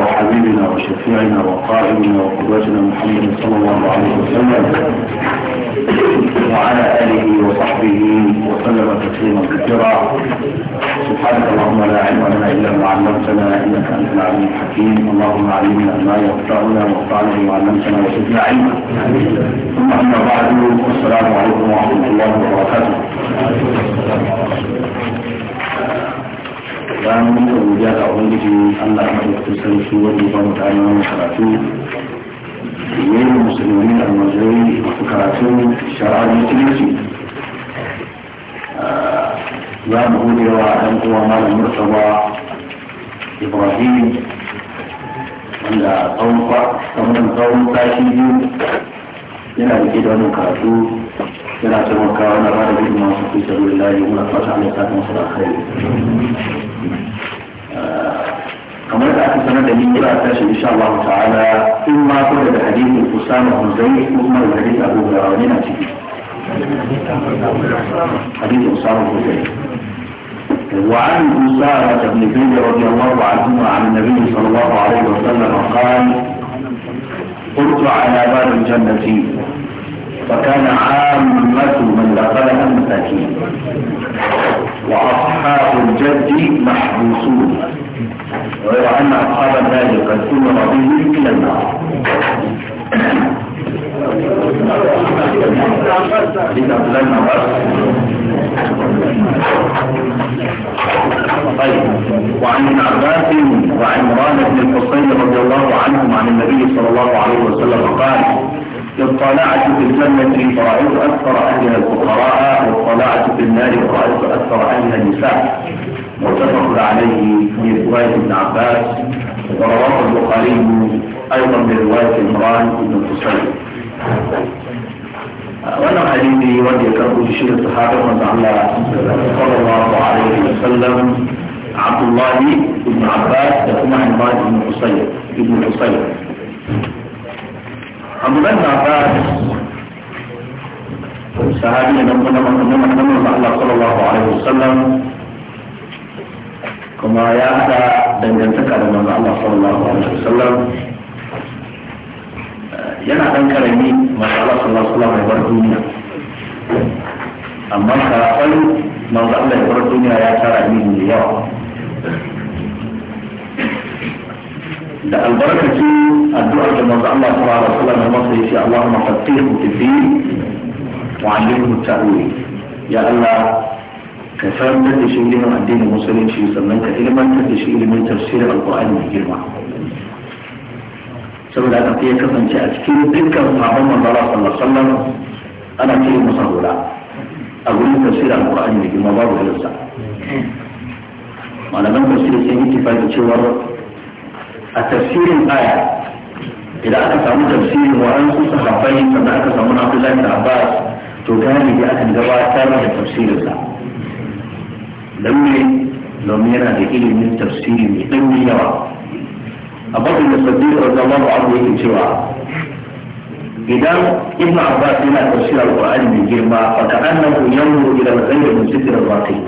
وحبيبنا وشفيعنا وقائدنا وقدوتنا محمد صلى الله عليه وسلم وعلى آله وصحبه وسلم تسليما كثيرا سبحانك اللهم لا علم لنا إلا ما علمتنا إنك أنت العليم الحكيم اللهم علمنا ما ينفعنا وانفعنا ما علمتنا وزدنا علما ثم أما بعد السلام عليكم ورحمة الله وبركاته bayan mun da godiya ga ubangiji Allah ya mai wato san su wanda ba mu tare wannan karatu yayin musulmi da almajirai masu karatu shara'a musulunci ah, za mu gode wa ɗan uwa malam murtaba ibrahim wanda tsawon tsawon tashi biyu yana da da wani karatu yana taimaka na ba da gudunmawa su fi sabbin layi muna fata ne ta kan su da kai آه، كما ذكرت سنه الدين الله ان شاء الله تعالى ثم كل الحديث القسام بن زيد ثم الحديث ابو هريره حديث قسام بن زيد وعن قسامة بن زيد رضي الله عنهما عن النبي صلى الله عليه وسلم قال قلت على باب الجنة فكان عامة من دخلها مساكين وأصحاب الجد محبوسون غير أن أصحاب الجد قد أمر بهم إلى النار طيب وعن ابن عباس وعمران بن الحصين رضي الله عنهم عن النبي صلى الله عليه وسلم قال للطلاعة في الجنة فرأيت أكثر أهلها الفقراء والطلاعة في النار فرأيت أكثر أهلها النساء متفق عليه في رواية ابن عباس ورواه البخاري أيضا برواية عمران بن الحسين وانا حديثي ودي كربو شيخ الصحابة صلى الله عليه وسلم عبد الله بن عباس تكون عمران بن الحسين بن الحسين abdullahi na ba sahabi ne nan kuma na Allah sallallahu kuma ya hada dangantaka da manzo Allah sallallahu alaihi yana dan karami manzo Allah sallallahu alaihi wasallam bar eh, duniya amma manzo Allah ya bar duniya ya tara yawa da albarkaci الدعاء كما قال الله صلى الله عليه وسلم في مصر اللهم فقهه في الدين وعلمه التأويل يا الله كفر من شيء الدين المسلم شيء سمعت إلى ما تدري شيء من تفسير القرآن الكريم سبب لا تقيه كفن شيء أذكر تلك الصحابة من الله صلى الله عليه وسلم أنا كي مصدولا أقول تفسير القرآن الكريم ما بعرف إلا سأ ما لمن تفسير سيني كيف يتشوار التفسير الآية idan aka samu tafsirin wa'ansu sahabbai sannan aka samu na Abdullahi da Abbas to galibi akan gabatar da tafsirinsa don me domin yana da ilimin tafsiri mai ɗanyen yawa a bakin da sabbi radiyallahu anhu yake cewa idan ibn abbas yana tafsir alqur'ani mai girma fa ka'annahu yanzuru ila al-ghayb min sitr al-raqiq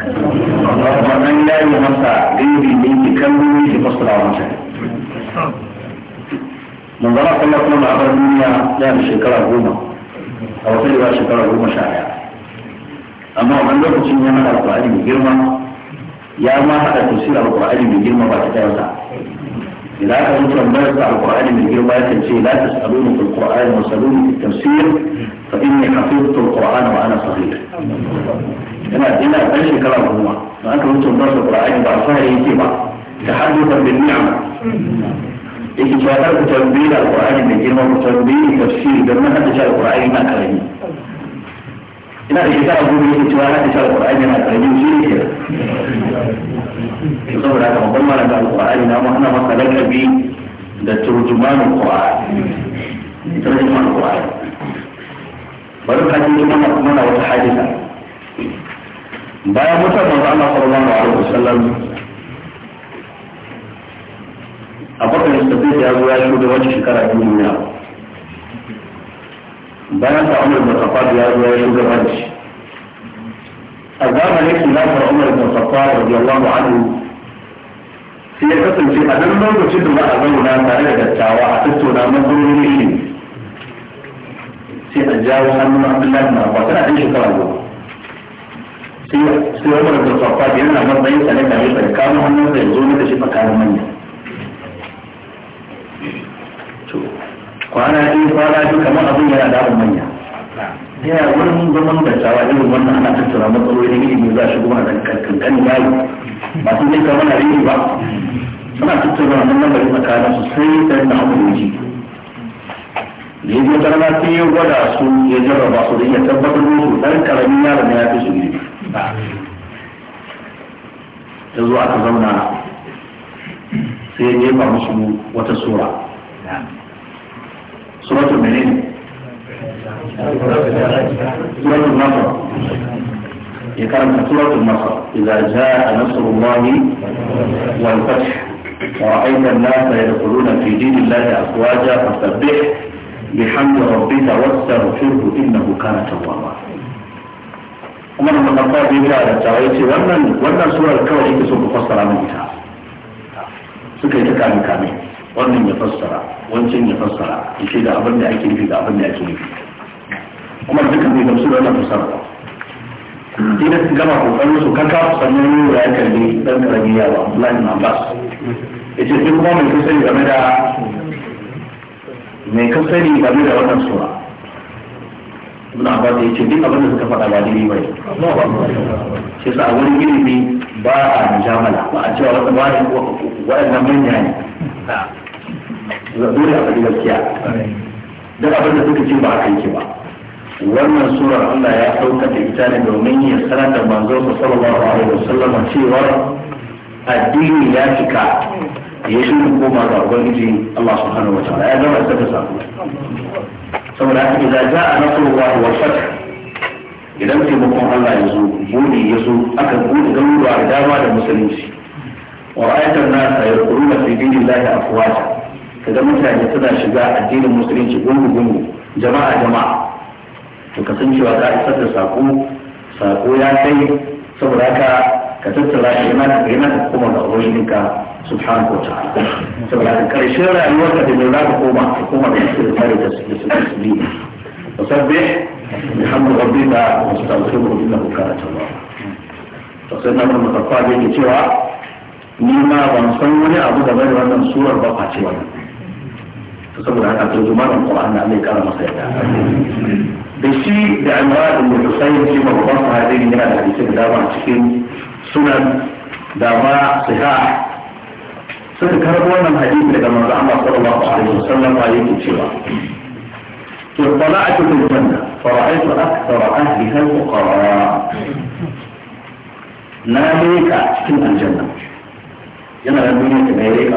wa an la yamsa ghaybi min kalbi fi fasl al من ظن الله كل عبر الدنيا لا شكرا هما أو في لا شكرا هما شاعر أما من لا تشيني من القرآن بجرما يا ما هذا تفسير القرآن بجرما بعد تأوزع إذا أردت أن يسعى القرآن بجرما يتنسي لا تسألون في القرآن وسألون في التفسير فإني حفظت القرآن وأنا صغير إنا إنا أشي كلام هما ما أنت أردت أن يسعى القرآن بعد فهي يتبع تحدثا بالنعمة yake cewa ku tambayi da alƙur'ani mai girma ku tambayi tafsiri don mun haddace alƙur'ani na karami ina da shekara goma yake cewa haddace alƙur'ani na karami shi ne ke saboda haka babban mara da alƙur'ani na ana masa lakabi da turjumanin ƙur'ani turjumanin ƙur'ani bari ka ji mana mana wata hadisa bayan mutum da Allah sallallahu alaihi wasallam abokan yastafid ya zo ya shuɗe wacce shekara ta duniya bayan sa umar bin khattab ya zo ya shugabanci a zamanin khilafar umar bin khattab radiyallahu anhu sai ya kasance a nan lokacin da za a zauna tare da dattawa a tattauna matsalolin ilimi sai a jawo hannun abdullahi na ba tana ɗan shekara goma sai umar bin khattab yana matsayin sa ne kare kare kamo hannun sa ya zo na da shi tsakanin manya kwana biyu kwana biyu kamar abin yana da damun manya yana wurin zaman da tsawa irin wannan ana tattara matsaloli ne ne za a shigo a kankanin yayi ba su zai kama na rini ba suna tattara wannan lamari tsakanin su sai da na hukunci da ya zo tarna sai ya gwada su ya jarraba su da iya tabbatar musu dan karamin yaron ne ya fi su girma ta zo aka zauna sai ya jefa musu wata sura suratul menene suratul nasr ya karanta suratul nasr idza jaa nasrullahi wal fath ورأيت الناس يدخلون في دين الله أفواجا فسبح بحمد ربك واستغفره إنه كان توابا kuma da makarfa bai kira da tawa yace wannan wannan فصل kawai yake so كامل fassara ita suka wannan ya fassara wancan ya fassara ya ce da abin da ake nufi da abin da ake nufi kuma duka mai gamsu da wannan fassara ina su gama kokarin su kaka sannan yau ya kalli dan karami yawa Abdullahi Abbas ya ce duk kuma mai kasari game da mai kasari game da wannan sura Ibn Abbas ya ce duk abin da suka faɗa ba daidai ba ne. Shi sa a wurin ilimi ba a mujamala ba a cewa wata ba waɗannan manya ne. dole a gaskiya duk abin da suka ce ba a kai ki ba wannan surar Allah ya sauka da ita ne domin ya sanar da manzo sa sallallahu alaihi wasallam cewa addini ya cika ya shi koma ga ubangiji Allah subhanahu wa ta'ala ya gama da ta sako saboda haka idan ja'a nasrullahi wa fat idan taimakon Allah ya zo buɗe ya zo aka buɗe garuruwa da dama da musulunci wa ayatan nasa yaquluna fi dinillahi afwaja kaga mutane suna shiga addinin musulunci gungu-gungu jama'a jama'a to san za a isar da sako sako ya kai saboda ka ka tattara shi yana yana kuma koma ruhin ka subhanahu wa ta'ala saboda ka karshen rayuwar ka da me za ka koma ka koma da shi da tare da su da su da su bi musabbih bihamdi rabbika wa astaghfiruhu innahu kana tawwaba to sai na mun tafa da yake cewa ni ma ban san wani abu da da wannan surar ba face wannan saboda haka sun zo Qur'an da Allah ya kara masa yadda da shi da Imran ibn Husayn shi babban sahabi ne yana da hadisi da dama cikin sunan da ma sahih suka karbo wannan hadisi daga manzo Allah sallallahu alaihi wasallam yake cewa اطلعت في الجنة فرأيت أكثر أهلها الفقراء لا ليك الجنة yana da duniya ta bai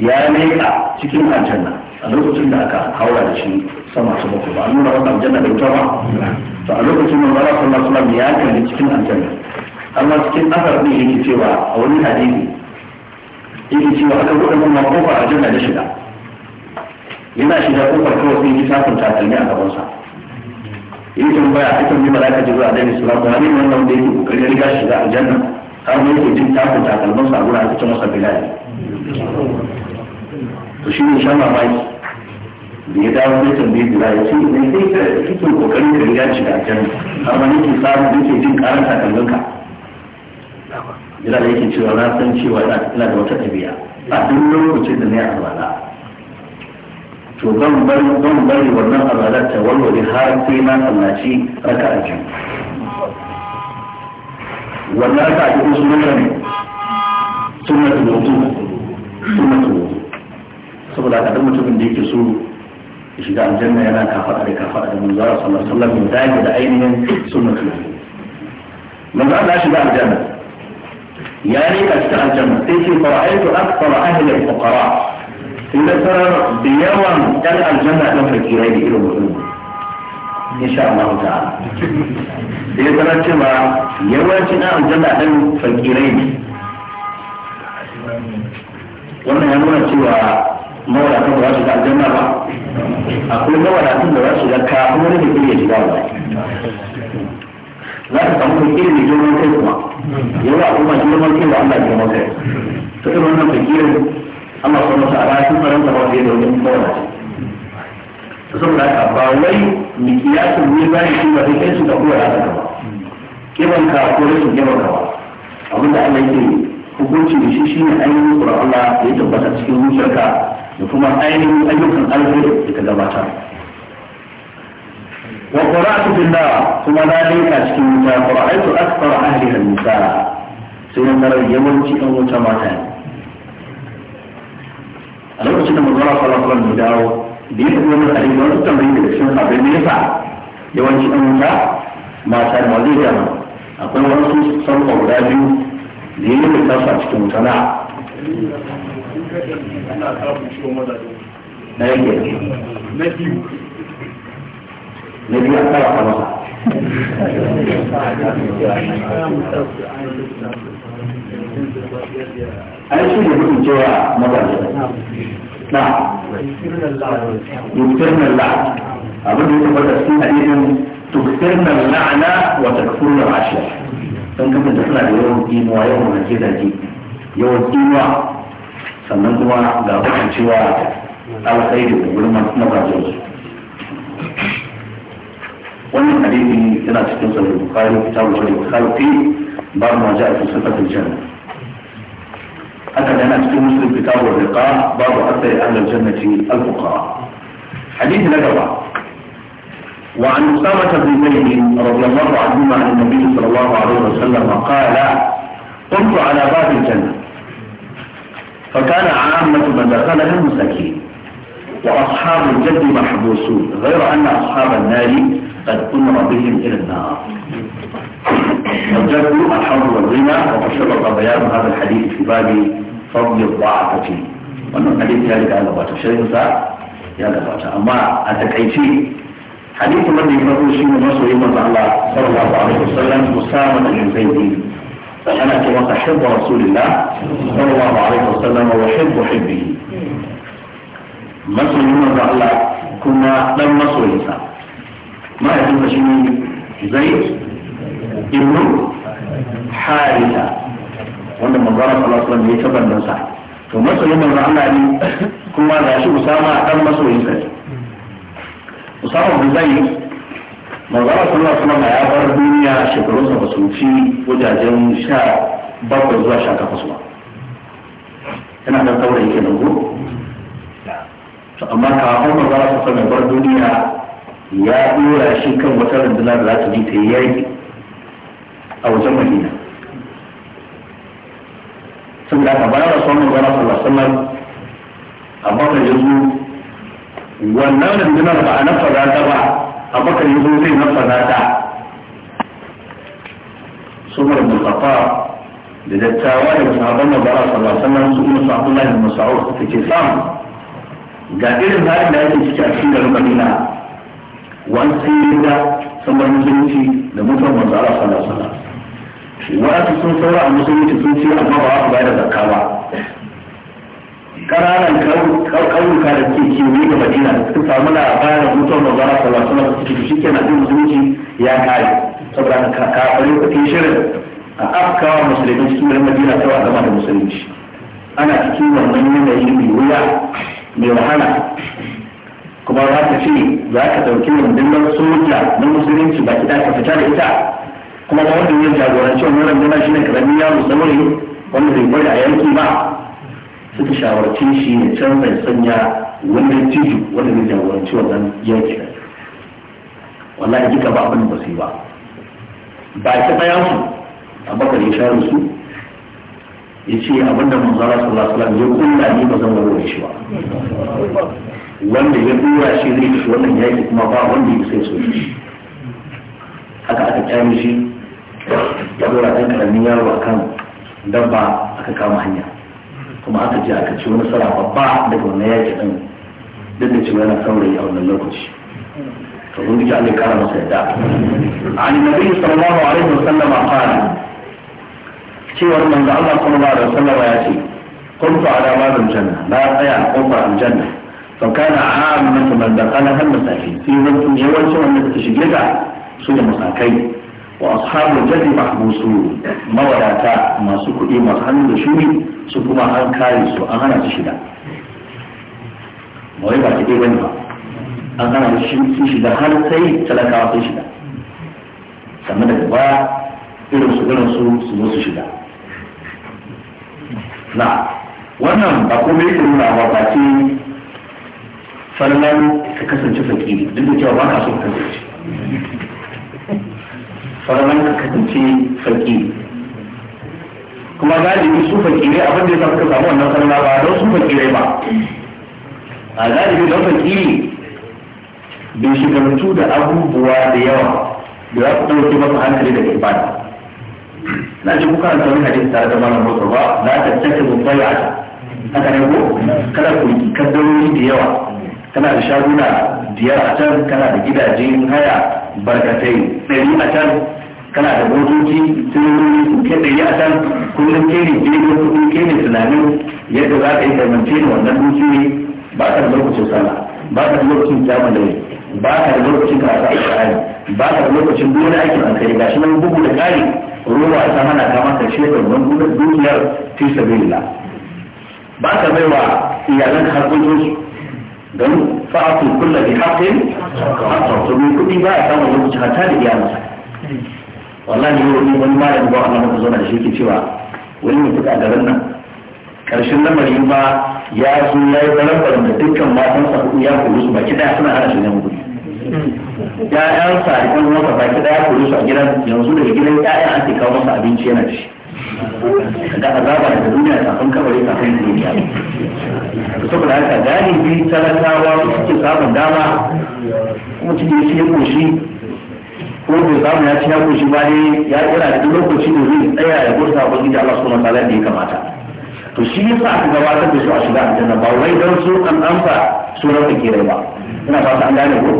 ya leka cikin aljanna a lokacin da aka haura da shi sama su bakwai ba a nuna wata aljanna da wuta ba to a lokacin da Allah sallallahu alaihi ya kalli cikin aljanna amma cikin asar ne yake cewa a wani hadisi yake cewa aka buɗe mun kofar aljanna da shiga yana shiga kofar kawai sai yi tafin takalmi a gaban sa yi baya a kan jima zaka ji zuwa da islam wani wannan da yake kokarin riga shiga aljanna har ne yake jin tafin takalmansa a gurin a cikin masa bilali to shi ne shan mamaki da ya dawo da tambaye jira ya ce ne sai ka kike kokari ka riga shi da aljanna amma nake samu ke jin karan sakamakonka jira da yake cewa na san cewa ina da wata tabiya a duk lokacin da na yi alwala to zan bari zan bari wannan alwala ta warware har sai na sallaci a biyu wannan raka'a biyu sunan ne sunnatul wudu sunnatul saboda haka duk mutumin da yake so ya shiga aljanna yana kafaɗa da kafaɗa da manzo Allah sallallahu alaihi wasallam ya dage da ainihin sunnatul manzo Allah shiga aljanna ya ne ka shiga aljanna sai ce fara'aitu akthara ahli al-fuqara inda sarar da yawan ɗan aljanna ɗan fakirai da irin wannan insha Allah ta'ala sai sanar cewa yawancin ɗan aljanna ɗan fakirai ne wannan ya nuna cewa mawadatun da za su ga aljanna ba akwai mawadatun da za su ga kafin wani da ya shiga ba za ka samu kai ilimi girman kai kuma yawa kuma girman kai da Allah girman kai to irin wannan fakirin Allah subhanahu wa ta'ala shi faranta ba da wani mawadati to saboda haka ba wai mikiyasin ne ba ne ba sai kai su da kowa da ba kiban ka ko rashin kiban ka ba abinda Allah yake hukunci da shi shine ainihin Allah ya tabbata cikin zuciyarka da kuma ainihin ayyukan alheri da ta gabata wa qara'tu billah kuma na leka cikin wuta qara'tu akthar ahliha nisa sai na tarar yawanci an wuta mata ne a lokacin da mazara sallallahu alaihi wasallam dawo da kuma mai hadisi wani tambayi da cikin sahabbai ne yasa yawanci an wuta mata ne zai dama akwai wasu sanfa guda biyu da yake tasu a cikin wuta na ana samun ciwo mazaje na yi na biyu na biyu an kara kama an shi ne mutum cewa mazaje na yuktirna la abin da ya tabbata cikin hadisin tuktirna la'ana wa takfurna ashiya sun kasance suna da yawan kimuwa yawan rake zaki yawan kimuwa sannan kuma ga cewa alkhairi da gurin mazajen su wannan hadisi yana cikin sahih bukhari kitabu sahih bukhari fi babu ma ja'a fi sifatil janna haka da yana cikin muslim kitabu riqa babu asari ahlul jannati al fuqara hadisi na gaba وعن أسامة بن زيد رضي الله عنهما عن النبي صلى الله عليه وسلم قال كنت على باب الجنة فكان عامة من دخلها مساكين وأصحاب الجد محبوسون غير أن أصحاب النار قد أمر بهم إلى النار والجد الحظ والغنى وتشرط بيان هذا الحديث في باب فضل الضعفة وأن الحديث ذلك على بعض الشيخ ya gabata amma أما takaice حديث من ya farko shi ne الله صلى الله عليه وسلم wasallam Usama bin فأنا كنت أحب رسول الله صلى الله عليه وسلم وحب حبه مسؤول من رضا الله كنا لم نصر إنسان ما يكون تشمي زيد ابن حارثة وأن من ظلم الله صلى الله عليه وسلم يتبع ومسؤول من رضا الله لي كنا لا شيء أسامة لم نصر إنسان أسامة بن زيد magana kuma kuma ya bar duniya shekarunsa ba su fi wajajen sha bakwai zuwa sha takwas ba yana da saurayi ke dango to amma kafin magana sun sama bar duniya ya dora shi kan wata rundunar da za ta ji ta yi yaki a wajen madina saboda bayar da rasuwar magana sallallahu alaihi a bakar yanzu wannan rundunar ba a nafa za ta ba abakar yi zuwa zai nafasa ta sumar musafa da dattawa da sahabban da bara sallallahu alaihi wasallam su musu abdullahi da mas'ud suka ke sam ga irin zai da yake ciki a cikin garin Madina wani sai da samar musulunci da mutuwar wanzu ala sallallahu alaihi wasallam sun saura a musulunci sun ce amma ba a bayar da zakawa ba ƙananan ƙauyuka da ke kewaye da madina sun samu labarin mutuwar mazara sallallahu alaihi wasallam cikin shi kenan din musulunci ya kare saboda kafirai ku shirin a afkawa musulmi cikin garin madina sau a zama da musulunci ana cikin wannan yanayi mai wuya mai wahala kuma za ka ce za ka ɗauki rundunar soja na musulunci ba ki ka fita da ita kuma ba wanda ya jagoranci wannan rundunar shi ne karamin yaro saboda wanda bai bari a yanki ba suka shawarci shi ne can bai sanya wannan tiju wanda zai jagoranci wannan yaki da wallahi duka ba abin ba su yi ba ba ta baya su bakar ya shayar su ya ce abin da manzara sallallahu alaihi ya kulla ni ba zan warware shi ba wanda ya dora shi zai shi wannan yaki kuma ba wanda ya sai so shi haka aka kyale shi ya dora ɗan ƙaramin yaro a kan dabba aka kama hanya kuma aka je aka ci wani sara babba daga wannan yaki din duk da cewa yana saurayi a wannan lokaci to kun ji Allah kara masa yadda an nabi sallallahu alaihi wasallam qala cewar manzo Allah sallallahu alaihi wasallam ya ce kuntu ala babin janna na tsaya a kofar janna to kana ammatu man dakala hal masafi sai wannan yawancin wanda suka shige ta su da musakai wa ashabu jadi mahmusu mawadata masu kuɗi masu hannu da shuri su kuma an kare su an hana su shida ba wai ba ta ɗaya wani ba an hana su shida har sai talakawa sun shida sannan da baya irin su irin su su zo su shida na wannan ba kuma yake nuna ba ba ce farnan ka kasance fakiri duk da cewa ba ka so ka kasance faraman ka kasance fakiri kuma galibi su fakirai abin da ya samu ka samu wannan sallah ba don su fakirai ba a galibi don fakiri bai shigartu da abubuwa da yawa da za su ɗauke masu hankali da ibada na ji kuka ta wani hadis tare da mana motsa ba za ta take mu a haka ne ko kada ku kaddarori da yawa kana da shaguna biyar a can kana da gidaje haya barkatai ɗari a can kana da motoci tunanoni su ke ɗari a can kullum ke ne jirgin kuɗi ke ne tunanin yadda za ka yi karmance da wannan ne ba ka da lokacin sana ba ka da lokacin jamus ne ba ka da lokacin karatu a ƙarari ba ka da lokacin duk wani aikin an kai gashi nan bugu da ƙari ruwa ta hana ka maka shekar wannan dukiyar fi sabilillah ba ka baiwa iyalanka su don fa'atun kulla bi haqqin haqqan to mai kudi ba ya samun lokaci hatta da iyalansa masa wannan ne wani wani malami ba Allah muka zauna da shi ke cewa wani mutum a garin nan karshen lamari ba ya zo ya yi baran da dukkan matan sa hudu ya kuru su baki daya suna hana shi gudu ya yan sa da baki daya kuru su a gidan yanzu daga gidan ya'ya an ke kawo masa abinci yana ci da azaba da duniya kafin kabari kafin duniya saboda haka galibi talakawa suke samun dama kuma cikin shi ya koshi ko bai samu ya ci ya koshi ba ne ya tsira da duk lokaci da zai tsaya ya gurta ko da Allah subhanahu wataala da ya kamata to shi yasa aka gabatar da su a shiga aljanna ba wai dan su an amsa sunan da kirai ba ina su an gane ko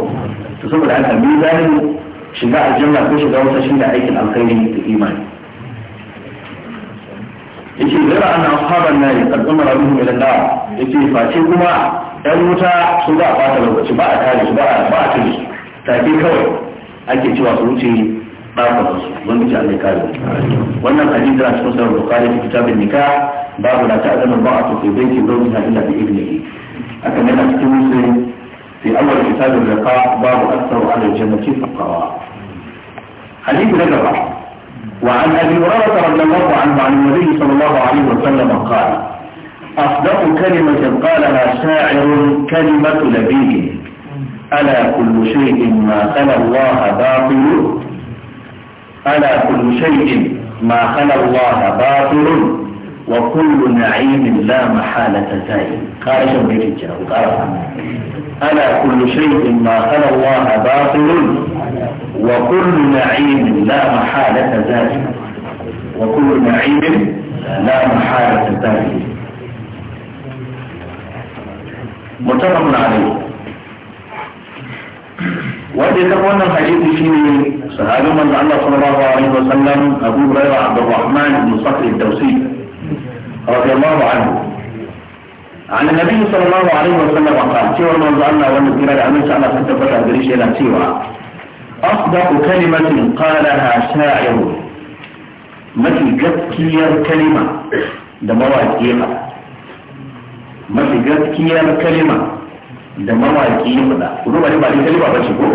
to saboda haka ni gane shiga aljanna ko shiga wata shi da aikin alkhairi da imani yake zara an ashaban nari qad amara bihim ila nar yake face kuma ɗan wuta su ba a fata lokaci ba a kare su ba a ba a tuni take kawai ake cewa su wuce ɗakunan su wanda ke allai kare wannan hadisi da cikin sarar bukari ta kitabin nika babu na ta'azama ba a tafi bai ke zaune na illa bi ibnihi aka a cikin musulun في babu كتاب الرقاء باب na على الجنة فقراء حديث gaba. وعن أبي هريرة رضي الله عنه عن النبي صلى الله عليه وسلم قال أصدق كلمة قالها شاعر كلمة لبيه ألا كل شيء ما خلا الله باطل ألا كل شيء ما خلا الله باطل وكل نعيم لا محالة زائل قال شبه الجاو قال ألا كل شيء ما خلا الله باطل وكل نعيم لا محالة ذلك وكل نعيم لا محالة ذلك متفق عليه وأدي تقوانا الحديث فيه سهل من صلى الله عليه وسلم أبو بريرة عبد الرحمن بن صقر الدوسي رضي الله عنه عن النبي صلى الله عليه وسلم قال سوى من صلى الله عليه وسلم قال سوى من صلى الله عليه أصدق كلمة قالها شاعر mafi gaskiyar kalima da mawaƙi ba mafi gaskiyar kalima da mawaƙi ba kuma ba ne kalima ba ce ko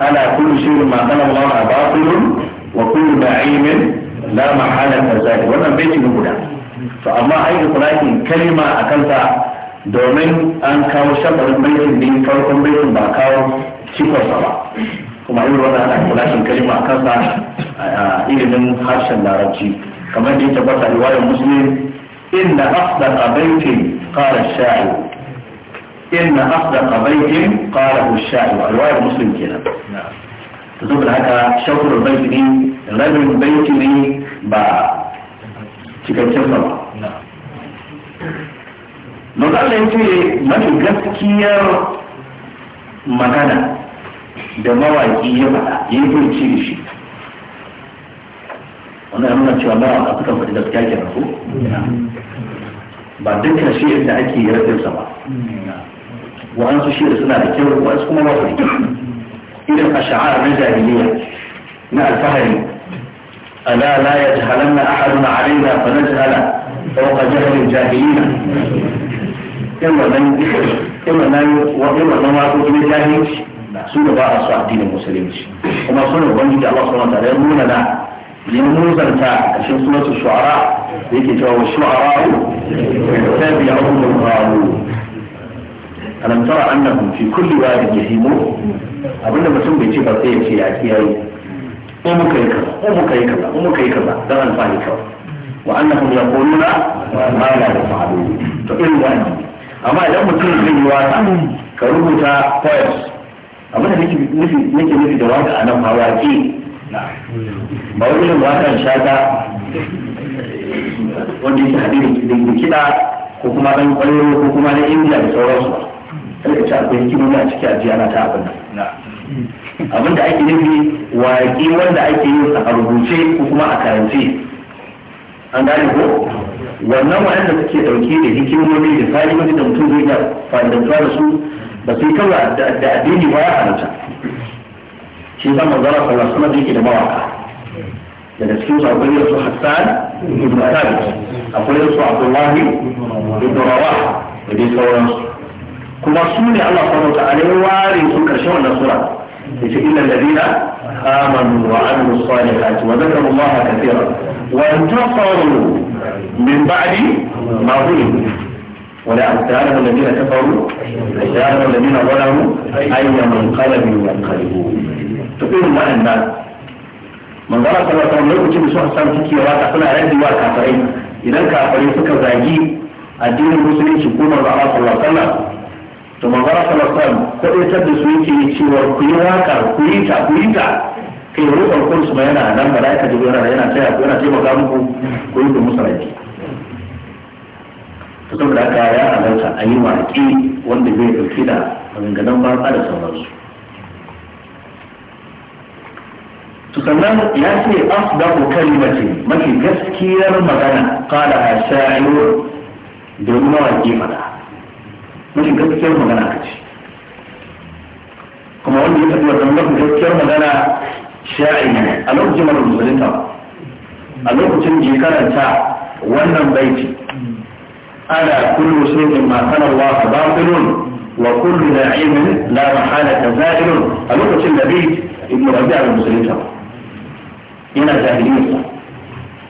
ana kullu shirin ma kana Allah a batilun wa kullu ba'imin la mahala ta zai wannan baiti ne guda to amma kalima a kansa domin an kawo shafarin sifarsa ba kuma irin wannan ana kulashin kalima a kansa a ilimin harshen larabci kamar da ya tabbata riwayar muslim inna asdaqa baitin qala ash-sha'ir inna asdaqa baitin qala ash a riwayar muslim kenan to saboda haka shakur bait ne rabin bait ne ba cikakken ba Manzo Allah ya ce mafi gaskiyar magana da mawaki ya fada ya yi furci da shi wannan yana nuna cewa mawaƙa suka da gaskiya ke rafu ba dukkan shi da ake yi rafinsa ba wa'ansu shi da suna da kyau wa'ansu kuma ba su da kyau irin a sha'ar na jahiliya na alfahari ala la ya na ahadu jahalanna ahadun alaina fa najhala fawqa jahalin jahiliya irin wannan irin wannan waƙoƙi na jahiliya su da ba a su addinin musulunci kuma suna ubangiji Allah subhanahu wa ta'ala ya nuna na ya muzanta a ƙarshen suratul shu'ara da yake cewa shu'ara'u tabi'ahum al-ghawu alam tara annahum fi kulli wadin yahimun abinda mutum bai ce ba sai ya ce ya kiyaye ko muka yi kaza ko muka yi kaza ko muka yi kaza dan alfani kawai wa annahum yaquluna ma la yaf'alun to irin wannan amma idan mutum zai yi wasa ka rubuta poems abin da nake nufi da waka a nan ma waƙe ba wani irin waƙar shata wanda yake hadin da kiɗa ko kuma ɗan ƙwallo ko kuma na indiya da sauransu ba sai ka ci akwai hikimomi a ciki a jiya na ta abin abin da ake nufi waƙi wanda ake yin a rubuce ko kuma a karance an gane ko wannan waɗanda suke ɗauke da hikimomi da fa'idodi da mutum zai iya fa'idantuwa da su ba sai kawai da addini ba ya halatta shi zan manzara sallallahu alaihi wasallam yake da mawaka daga cikin su akwai yusuf hassan ibn thabit akwai yusuf abdullahi ibn rawah da dai sauransu kuma su ne Allah subhanahu ta'ala ya ware su karshen wannan sura yace inna alladhina amanu wa amilu salihati wa dhakaru Allah kathira wa intasaru min ba'di ma zulimu ولا أمثالهم الذين كفروا أجارهم الذين ظلموا أي منقلب ينقلبون تقول ما الناس من ظهر صلى الله عليه وسلم lokacin da suka samu cikewa ta suna rajewa kafirai idan kafirai suka zagi addinin musulunci ko manzo Allah sallallahu alaihi wasallam to manzo Allah sallallahu alaihi wasallam kodaitar da su yake cewa ku yi waka ku yi ta ku yi ta kai rukun kursu ma yana nan malaika jibril yana taya ku yana taimaka muku ku yi musulunci saboda haka ya halarta a yi waƙe wanda zai ɗauki da maganganun banza da sauransu to sannan ya ce asdaku kalimati mafi gaskiyar magana qala ashairu domin mawaƙi fada mafi gaskiyar magana ka ce kuma wanda ya tafi wannan mafi gaskiyar magana sha'i ne a lokacin mara musulunta a lokacin da ya karanta wannan baiti ألا كل شيء ما كان الله باطل وكل نعيم لا محالة زائل ألوك النبي ابن ربيع المسلمة إنا جاهلين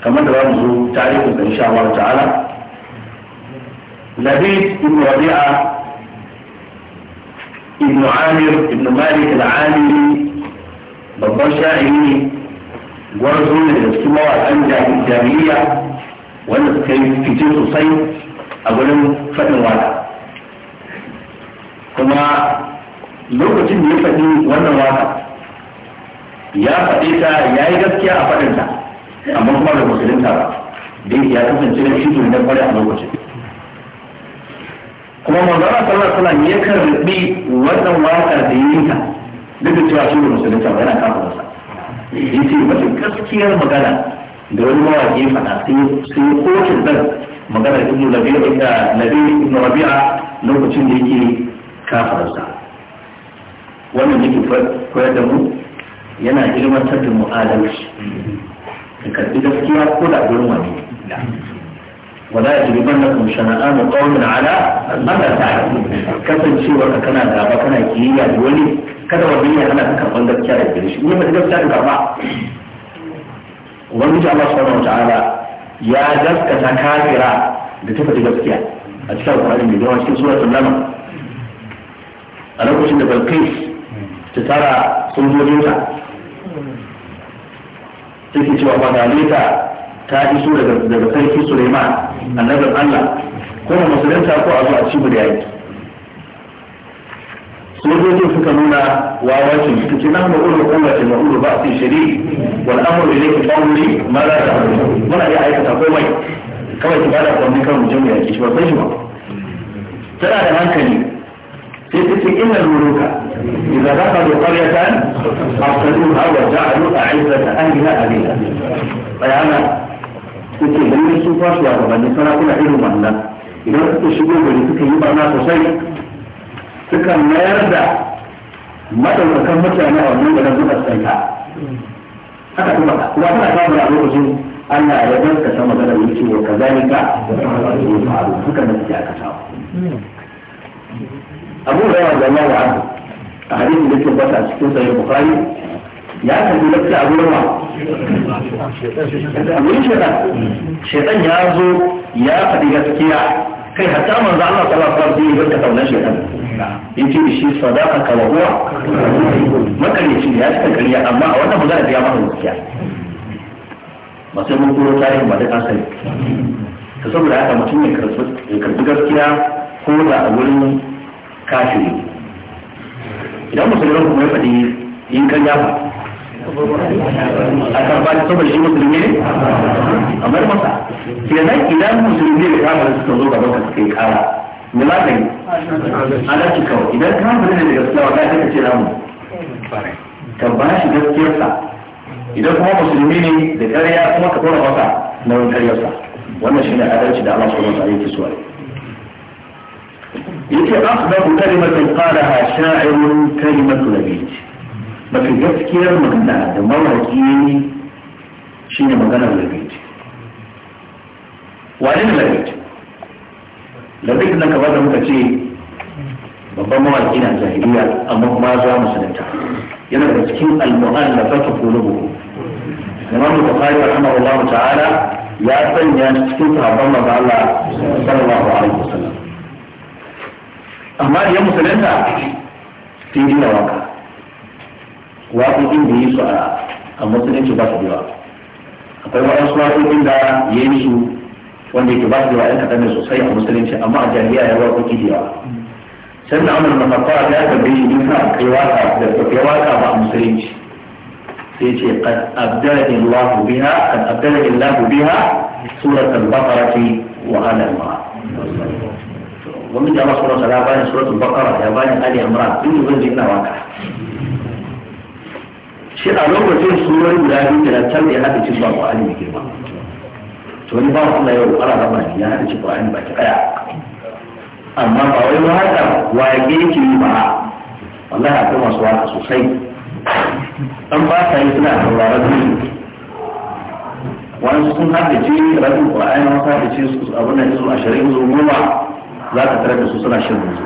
كما درمز تعريفه إن شاء الله تعالى لبيد ابن ربيعة ابن عامر ابن مالك العامري بابا شاعري gwarzo ne da su وانا كيف كتير suka a gurin faɗin waka kuma lokacin da ya faɗi wannan waka ya faɗi ta ya yi gaskiya a faɗinta amma kuma da musulunta ba da ya kasance da shi tunan kwarai a lokacin kuma sallallahu alaihi wasallam ya karbi wannan waka da yi ta duk da cewa shi musulunta ba yana kafa masa yace ba gaskiyar magana da wani mawaki faɗa sai sai kocin dan magana ibn labi'a inda labi'a ibn rabi'a lokacin da yake kafarsa wannan yake koyar da mu yana ilmantar da mu'adalci ka karbi gaskiya ko da gurin wani wala ya jibi manna kun shana'anu qawmin ala Allah ta kasancewa ka kana gaba kana kiyayya da wani kada wani ya hana ka karban gaskiya da gare shi ne ba gaskiya ka karba ubangiji Allah subhanahu wa ta'ala ya gaskata kafira da ta faɗi gaskiya a cikin alƙur'ani mai zama cikin suratul lama. a lokacin da balkis ta tara sun sojojinta take cewa ba ta ta iso daga sarki suleiman annabin allah ko musulunta ko a zuwa a cibu da yaki sojojin suka nuna wawancin suka ce nan ma'ulu kullace ma'ulu ba su shiri wal amru ilayka qawli ma la ta'lamu muna iya aikata komai kawai ki bada kwamni kan mutum ya ke shi ba sai shi ba tana da hankali sai ta ce inna muluka idza dakhulu qaryatan afsaduha wa ja'alu a'izzata ahliha adila bayana kuke ganin su fasuwa gabanin sarakuna irin wannan idan suka shigo gari suka yi barna sosai suka mayar da madaukakan mutane a wannan gudan suka tsaita haka kuma kuma tana kawo a lokacin Allah ya bar ka sama da wuce wa kazalika faru suka da suke aka tawo Abu yawa da yawa a hadisin da ke bata cikin sahih Bukhari ya tafi lafiya a gurin wa gurin shaitan shaitan ya zo ya faɗi gaskiya kai hatta manzo Allah sallallahu alaihi wasallam zai barka taunan shaitan yake da shi sadaka ka wahuwa makarici ne ya cika kariya amma a wannan magana ya maka gaskiya masu mun kuro tarihin ba da asali ta saboda haka mutum ya karbi gaskiya ko da a wurin kafiri idan musulman kuma ya faɗi yin karya ba a karba saboda shi musulmi ne a bar masa sai idan musulmi ne ya da su suka zo gaban ka suka yi kara me ma kai adalci kawai idan ka fara da gaskiya wa kai ka ce mu ka ba shi gaskiyarsa idan kuma musulmi ne da ƙarya kuma ka tura masa nauyin ƙaryarsa wannan shine adalci da Allah subhanahu wa ta'ala yake so yake asbabu kalimatin qalaha sha'irun kalimatu nabiyyi mafi gaskiyar magana da mawaki shine maganar labiti wani ne labiti duk nan kamar da muka ce babban mawaki na jahiliya amma kuma zuwa musulunta yana da cikin al-mu'an da fata kulubu imam bukhari rahimahullahu ta'ala ya sanya cikin sahabban da Allah sallallahu alaihi wasallam amma ya musulunta sai gina waka waƙoƙin da yi su a musulunci ba su biyawa akwai waɗansu waƙoƙin da ya yi su wanda yake ba da wa'in kaɗan sosai a musulunci amma a jami'a ya ba kuki da yawa sai na amur mafafa ya tambaye shi duk na kai waka da tafiya waka ba a musulunci sai ce kan abdara in biha qad abdalani Allah biha surat al-baqara wa ala wani jama'a suna da Allah subhanahu wa surat al-baqara ya bani ali imran in zan ji ina waka shi a lokacin surar guda biyu da can da ya hada cikin ba ko ali girma to wani ba Allah yau ala rama ne ya hada ci Qur'ani baki daya amma ba wai waka ya yake yi ba wallahi akwai masu wata sosai an ba ta yi suna tauraron su wani sun haɗa ce rabin Qur'ani wasu hada ce abin da su a shari'a zuwa goma za ka tarar da su suna shirin su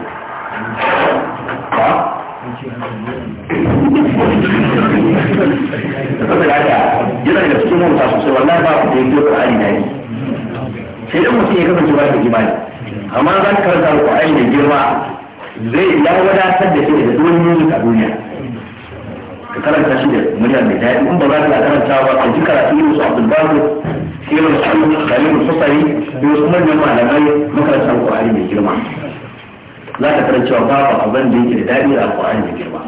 saboda haka yana da cikin mota sosai wallahi ba ku da yake Qur'ani na yi sai dan mutum ya kasance ba da imani amma zan karanta Qur'ani da girma zai ya wadatar da shi da dunyoyi a duniya ka karanta shi da muryar mai daɗi in ba za ka karanta ba ka ji karatu ne su Abdul Basit sai wani su Khalil Fusari da wasu manyan malamai makarantar Qur'ani mai girma za ka tarar cewa babu abin da yake da daɗi da alƙur'ani da girma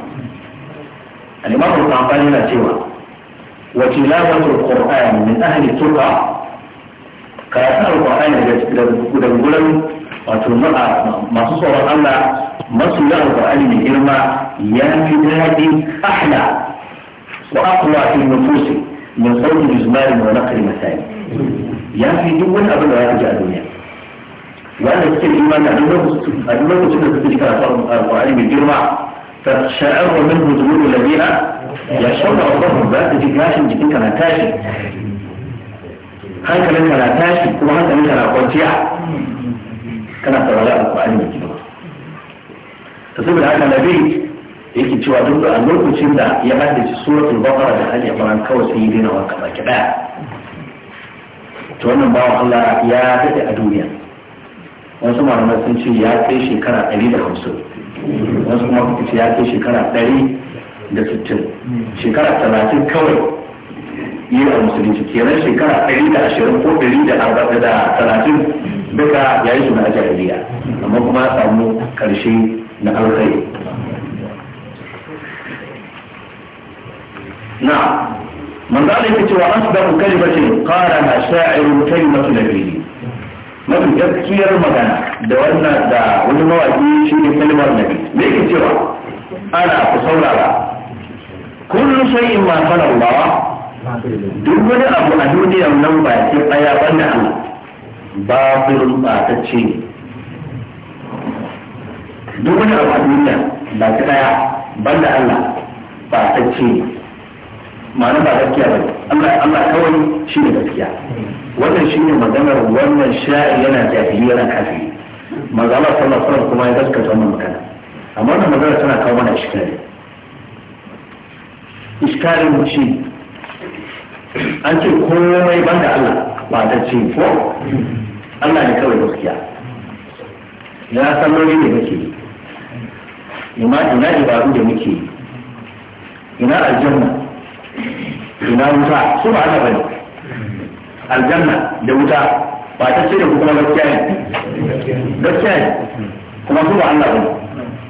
al-imamu al-qahtani yana cewa wa tilawatul qur'an min ahli tuqa karatun alƙur'ani da gurin wato masu tsoron Allah masu yi alƙur'ani mai girma ya fi daɗi ahla wa aqwa fi nufusi min sauki jismarin wa naqli masani ya fi duk wani abin da ya fi a duniya wanda suke da imani a duk lokacin da suke karatu alqur'ani mai girma ta fa sha'aru minhu dhulul ladina yashawna rabbahum ba su ji gashin jikin kana tashi hankalin kana tashi kuma hankalin kana kwanciya kana saurara alqur'ani mai girma to saboda haka nabi yake cewa duk a lokacin da ya haddace suratul baqara da hali imran kawai sai ya daina wanka ki ɗaya to wannan bawan Allah ya dade a duniya wasu malamai sun ce ya kai shekara ɗari da hamsin wasu kuma suka ce ya kai shekara ɗari da sittin shekara talatin kawai yi a musulunci kenan shekara ɗari da ashirin ko ɗari da arba'in da talatin duka ya yi suna jahiliya amma kuma ya samu ƙarshe na alkhairi na manzo Allah yake cewa asbabu kalimatin qala sha'irun kalimatu nabiyyi mafi gaskiyar magana da wannan da wani mawaki shi ne kalmar nabi me yake cewa ana ku saurara kullu shay'in ma kana Allah duk wani abu a duniyar nan ba ke tsaya banda Allah ba firin ba ta ce duk wani abu a duniya ba ta tsaya banda Allah ba ta ce ma'ana ba gaskiya ba Allah kawai shi ne gaskiya wannan shi ne maganar wannan sha'i yana jahili yana kafi maza Allah sallallahu kuma ya gaskata wannan magana amma wannan magana tana kawo mana iskari iskari mu ci an ce komai da Allah ba ta ce ko Allah ne kawai gaskiya ya san lori ne muke ina ina ibaru da muke ina aljanna ina wuta su ba Allah bane aljanna da wuta ba ta ce da ku kuma gaskiya ne gaskiya ne kuma su ba Allah ne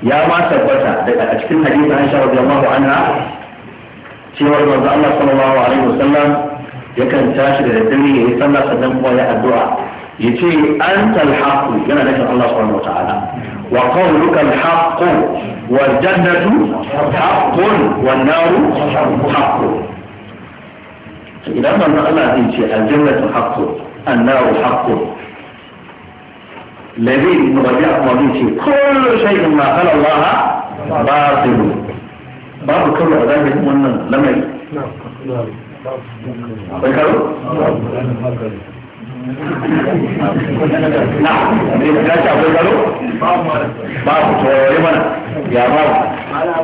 ya ma tabbata daga a cikin hadisi Aisha radiyallahu anha cewa manzo Allah sallallahu alaihi wasallam yakan tashi da dare ya yi sallah sannan kuma ya addu'a ya ce antal haqu yana da Allah subhanahu wataala wa qawluka al haqu wal jannatu haqqun wan naru haqqun إذا ما معنى إنشاء الجنة حقه النار حقه الذي نرجع مضيش كل شيء ما قال الله باطل بعض كل عذاب من لم ذكروا نعم نعم نعم نعم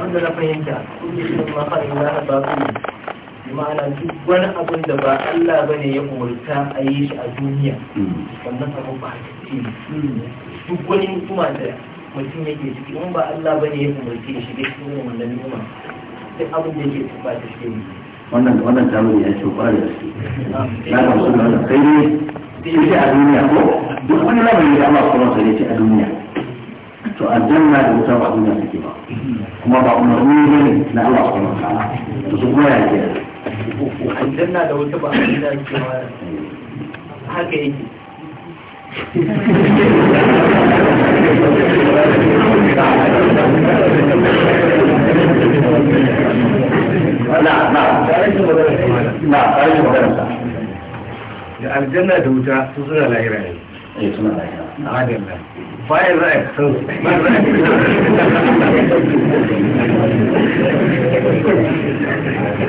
نعم نعم نعم نعم نعم ma'ana duk wani abin da ba Allah ba ne ya umarta a yi shi a duniya wannan abin ba a ne duk wani hukuma da mutum yake ciki in ba Allah ba ne ya umarce shi da shi ne wannan hukuma duk abin da yake ba ta shi ne wannan wannan tamu ya ce ba da shi na ga su da kai ne sai a duniya ko duk wani labari da Allah kuma sai ce a duniya to aljanna da wuta ba duniya suke ba kuma ba umarni ne na Allah subhanahu wa ta'ala to su kuma ya ke aljanna da wata ba aljanna cewa haka yake da aljanna da wuta su suna lahira ne suna lahira bayan za a san su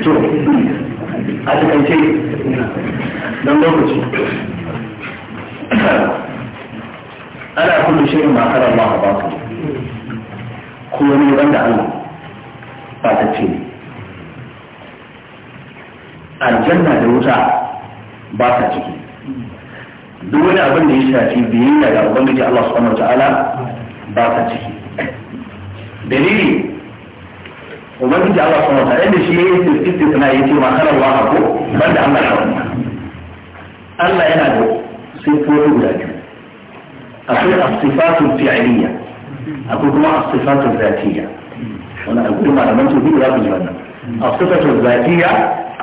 to a takaice don lokaci ana kullum shirin ma kara ma ba ku kuma ne wanda Allah ba ta ce aljanna da wuta ba ta ciki duk wani abin da ya shafi biyayya ga ubangiji Allah subhanahu wataala ba ta ciki dalili ubangiji Allah subhanahu wataala inda shi yayin da yayi istisna yace ma kana wa ko banda Allah ya Allah yana da sifofi guda biyu akwai as-sifatu fi'liya akwai kuma as-sifatu zatiyya wannan akwai gurin malaman tauhid za ku ji wannan as-sifatu zatiyya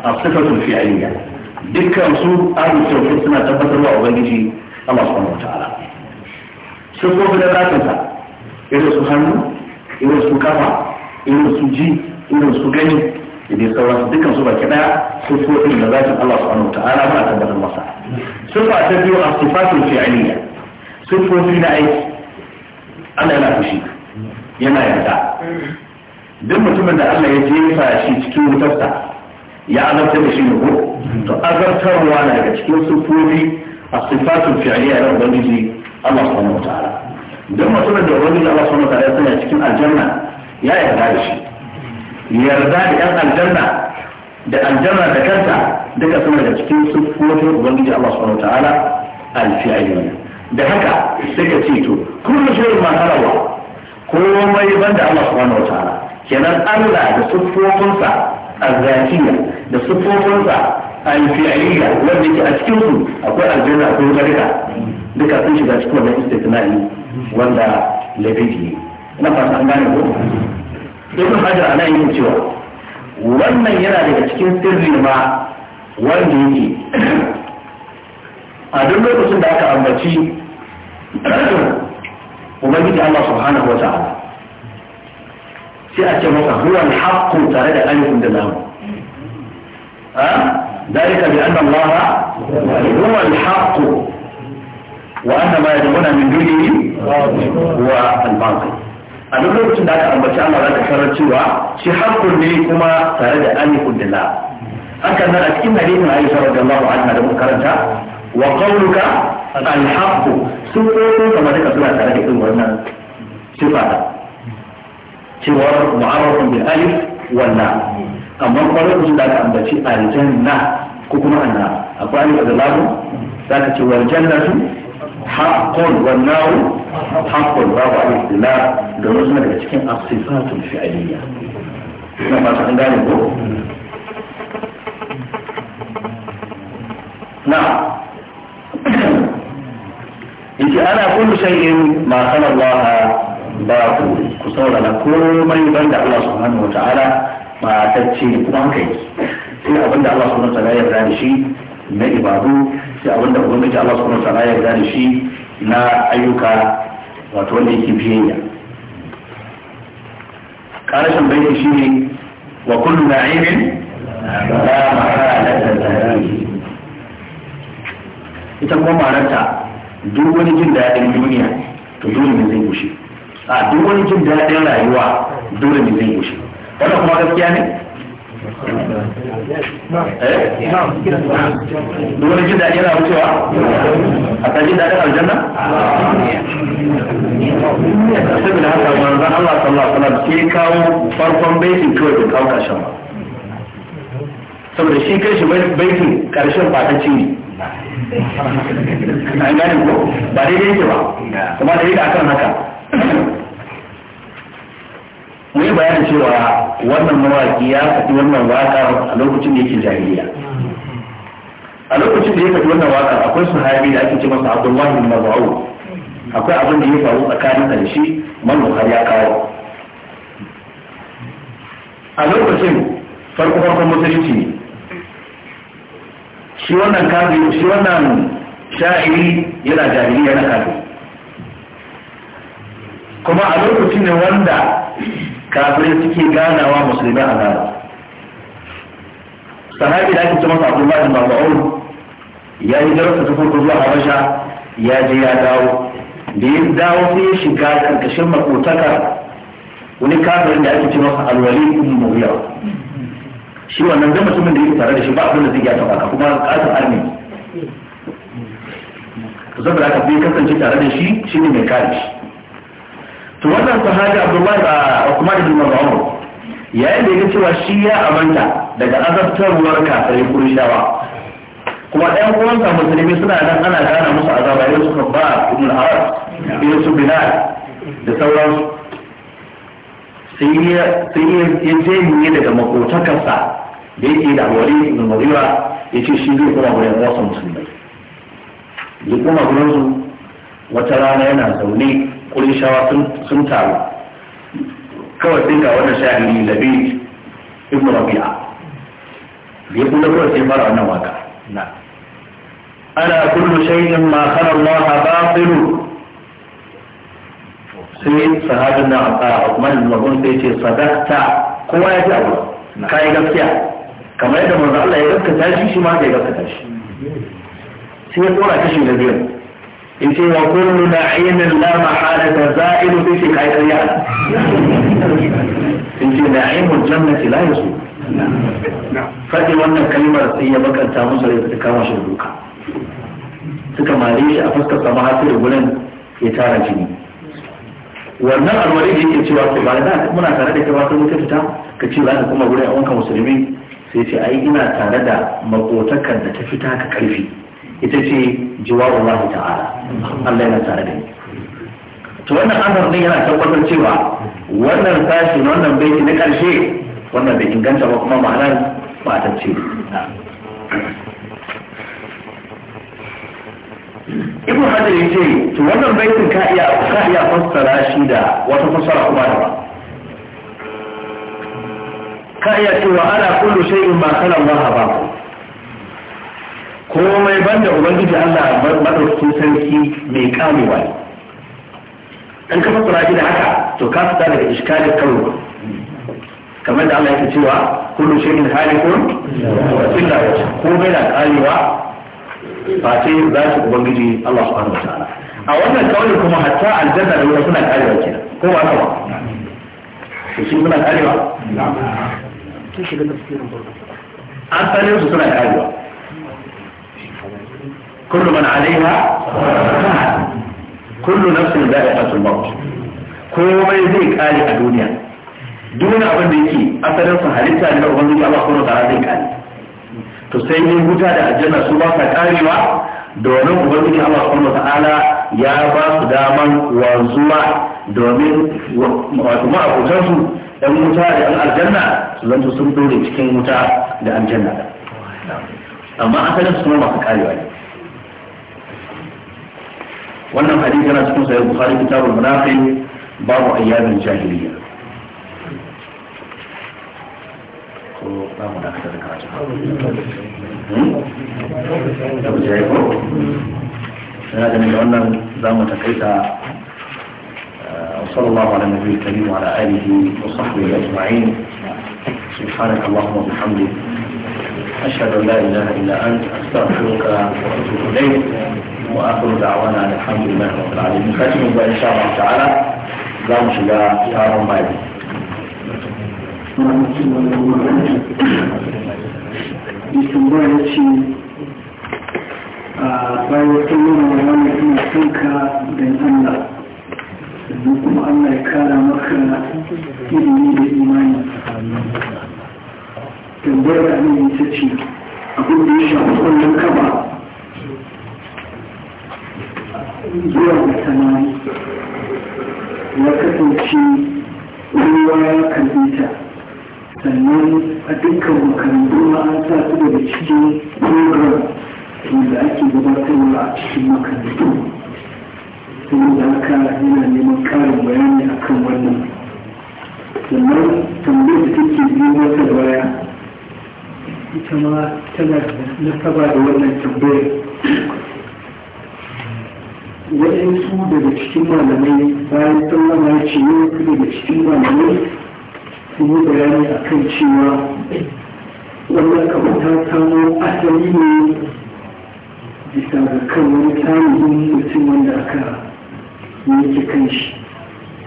as-sifatu fi'liya dukkan su ahlul tauhid suna tabbatarwa ubangiji Allah subhanahu wataala sun ko da zatin sa irin su hannu irin su kafa irin su ji irin su gani da dai sauran dukkan su baki daya sun ko da zatin Allah subhanahu wataala ba tabbatar masa sun a ta biyu a sifatul fi'liya sun ko na aiki Allah yana fushi yana yarda duk mutumin da Allah ya jefa shi cikin wutarsa ya azabtar da shi ne ko to azabtarwa na daga cikin sufofi a sifatun fi'aliya na ubangiji Allah subhanahu wa ta'ala don mutumin da ubangiji Allah subhanahu wa ta'ala yana cikin aljanna ya yarda da shi yarda da yan aljanna da aljanna da kanta duka suna da cikin sufofin ubangiji Allah subhanahu wa ta'ala alfi'aliya da haka sai ka ce to kullu shay'in ma tarawa komai banda Allah subhanahu wa ta'ala kenan Allah da sufofinsa الذاتيه da sufofinsa alfi'aliyya wanda ke a cikin su akwai aljanna ko barka duka sun shiga cikin wannan istitnai wanda labiji ina fata an gane ko ibn hajar ana yin cewa wannan yana daga cikin sirri ma wanda yake a duk lokacin da aka ambaci ubangiji Allah subhanahu wa ta'ala sai a ce masa huwa al tare da alifin da lamu ذلك بأن الله هو الحق وأن ما يدعون min دونه wa albanka a duk lokacin da aka ambaci Allah za ka sanar cewa shi hakkun ne kuma tare da da dilla haka nan a cikin hadisin Aisha radiyallahu anha da muka karanta wa qawluka alhaqqu sun ko kuma da suna tare da irin wannan sifa cewa mu'arrafun bil alif walla amma farkon da aka ambaci aljanna ko kuma anna akwai alif da lamu zaka ce wal jannatu haqqun wan nar haqqun babu alif da la da wasu daga cikin asifatul fi'aliyya na ba san gane ko na yace ana kullu shay'in ma kana Allah ba ku ku saurara komai ban da Allah subhanahu wa ta'ala ba ta ce kuma haka yi sai abin da Allah subhanahu wa ta'ala ya yarda da shi na ibadu sai abin da ubangiji Allah subhanahu wa ta'ala ya yarda da shi na ayyuka wato wanda yake biyayya karashin bayyana shi ne wa kullu na'imin la mahalata zalimi ita kuma maranta duk wani jin daɗin duniya to dole ne zai gushe a duk wani jin daɗin rayuwa dole ne zai gushe wannan kuma gaskiya ne eh? duk wani jin daɗi yana wucewa a kan jin daɗin aljanna saboda haka manzon Allah sallallahu alaihi wasallam sai kawo farkon baitin kawai bai kawo karshen ba saboda shi kai shi baitin karshen ba ta ci an gane ko ba daidai yake ba kuma da yake akan haka mun bayanin cewa wannan mawaki ya faɗi wannan waƙar a lokacin da yake jahiliya a lokacin da ya faɗi wannan waƙar akwai sahabi da ake ce masa abdullahi na ba'u, akwai abin da ya faru tsakanin da shi man ya kawo a lokacin farko farkon musulunci ne shi wannan kafin shi wannan sha'iri yana jahiliya na kafin kuma a lokaci ne wanda kafirai suke ganawa musulmi a gara sahabi da ake cewa ba'in ba ba'un ya yi jarasa ta farko zuwa habasha ya je ya dawo da ya dawo sai ya shiga karkashin makotaka wani kafirin da ake cewa alwali ibn mawuyar shi wannan zama mutumin da yake tare da shi ba abin da zai ya taba ka kuma kasar arni saboda haka bai kasance tare da shi shi ne mai kare shi to wannan sahabi abdullahi a ah, Uthman da Mas'ud yayin da yake cewa shi ya amanta daga azabtarwar kafirai kurishawa kuma ɗan uwansa musulmi suna nan ana gana musu azaba yau su kabba ibn arab irin su da sauransu sai ya je ne daga makotakarsa da yake da wali ibn mariwa ya ce shi zai kuma wurin wasu musulmai ya kuma su wata rana yana zaune ƙurishawa sun taru kawai sai ga wannan sha'ani labi ibn rabi'a ya kula kawai sai fara wannan waka na ana kullu shay'in ma kana Allah batilu sai sahabin na a Uthman ibn Affan sai ce sadaqta kowa ya ji abu kai gaskiya kamar yadda manzo Allah ya gaskata shi shi ma ya gaskata shi sai ya tsora kashi na biyu yace wa kullu na'inin la mahala da za'ilu bi fi khayriya yace na'imul jannati la yasu fadi wannan kalmar sai ya bakanta musu da ta kama shi duka suka mare shi a fuskar sama har gurin ya tara jini wannan alwari da yake cewa ko ba da muna tare da kai ba sai muka fita ka ce za ka kuma gurin a wanka musulmi sai ce ai ina tare da makotakan da ta fita ka karfi ita ce jiwawa Allah ta'ala Allah yana tare da ni to wannan amsar din yana tabbatar cewa wannan sashi na wannan baiti na karshe wannan bai inganta ba kuma ma'anar ba ta ce Ibn Hajar ya ce to wannan baitin ka iya ka iya fassara shi da wata fassara kuma da ba ka iya cewa ana kullu shay'in ma kana Allah ba Ko mai komai banda ubangiji Allah madaukakin sarki mai kamewa ne in ka fassara shi da haka to ka fita daga iskalin kawo kamar da Allah yake cewa kullu shay'in halikun illa wajh bai na kamewa ba sai za su ubangiji Allah subhanahu wa ta'ala a wannan kawai kuma hatta aljanna da wuta suna karewa kenan ko ba haka ba to shi suna karewa an sanin su suna karewa kullu man alaiha kullu nafsin za'iqatul maut komai zai kare a duniya duk wani abin da yake asalin sa halitta ne da ubangiji Allah kuma ta zai kare to sai ne huta da aljanna su ba sa karewa domin ubangiji Allah kuma ta'ala ya ba su daman wanzuwa domin wato ma'abutan su wuta da dan aljanna su zanto sun dore cikin wuta da aljanna amma masu ne wannan hadisi yana cikin sahih bukhari kitabul munafiq babu ayyamin jahiliya ko ba mu da kada karatu da ku jayi ko yana ganin da wannan za mu takaita وصلى الله على النبي الكريم وعلى اله وصحبه اجمعين سبحانك اللهم وبحمدك أشهد أن لا إله إلا أنت أستغفرك وأتوب إليك وآخر دعوانا أن الحمد لله رب العالمين ختم بقى إن شاء الله تعالى زام شجاع شهر مايل bayan sun don Allah kuma Allah ya kara maka ilimi da imani tambayar da ne ita ce abin da ya shafi wannan kaba zuwa da sanani ya kasance ruwa ya karbe ta sannan a dukkan makarantu ma an sa su daga cikin program wanda ake gabatarwa a cikin makarantu sai saboda haka yana neman karin bayani akan wannan sannan tambayar da take biyu wata baya ita ma tana nasaba da wannan tambayar waɗansu daga cikin malamai bayan tsallama ya ce wasu daga cikin malamai sun yi bayani a kan cewa wannan kamar ta samo asali ne bisa ga kan wani tarihin mutum wanda aka yanke kan shi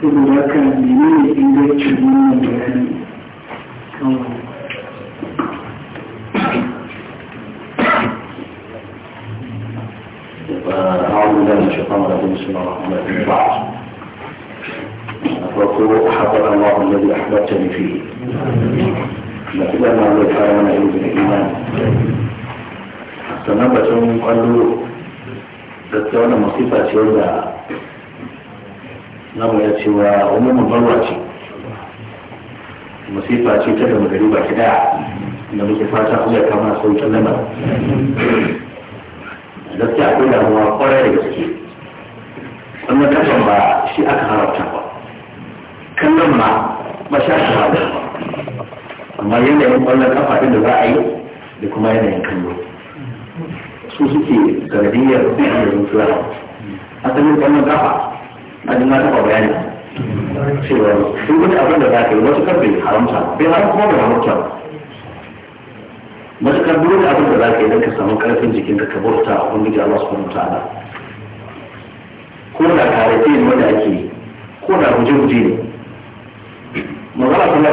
saboda haka menene ingancin wannan bayani wasan kwallo da wannan masifa ce wanda namu ya cewa wani barwa ce masifa ce ta da magari ba ki daya da muke fata kuma ya kama saukin nan gaskiya akwai damuwa kwarai da gaske wannan kasan ba shi aka haramta ba kallon ma ba shi aka haramta ba amma yanayin kwallon kafa ɗin da za a yi da kuma yanayin kallo su suke sanadiyar da mutuwa asalin wannan gafa a jin ta taɓa bayani cewa sun gudu abin da za ka yi wasu karfe haramta bai haram kuma bai haramta wasu karfe wani abin da za ka yi don ka samu karfin jikin ka ka bauta a ubangiji Allah subhanahu ta'ala ko da karate ne wanda ake ko da guje-guje ne magana kuma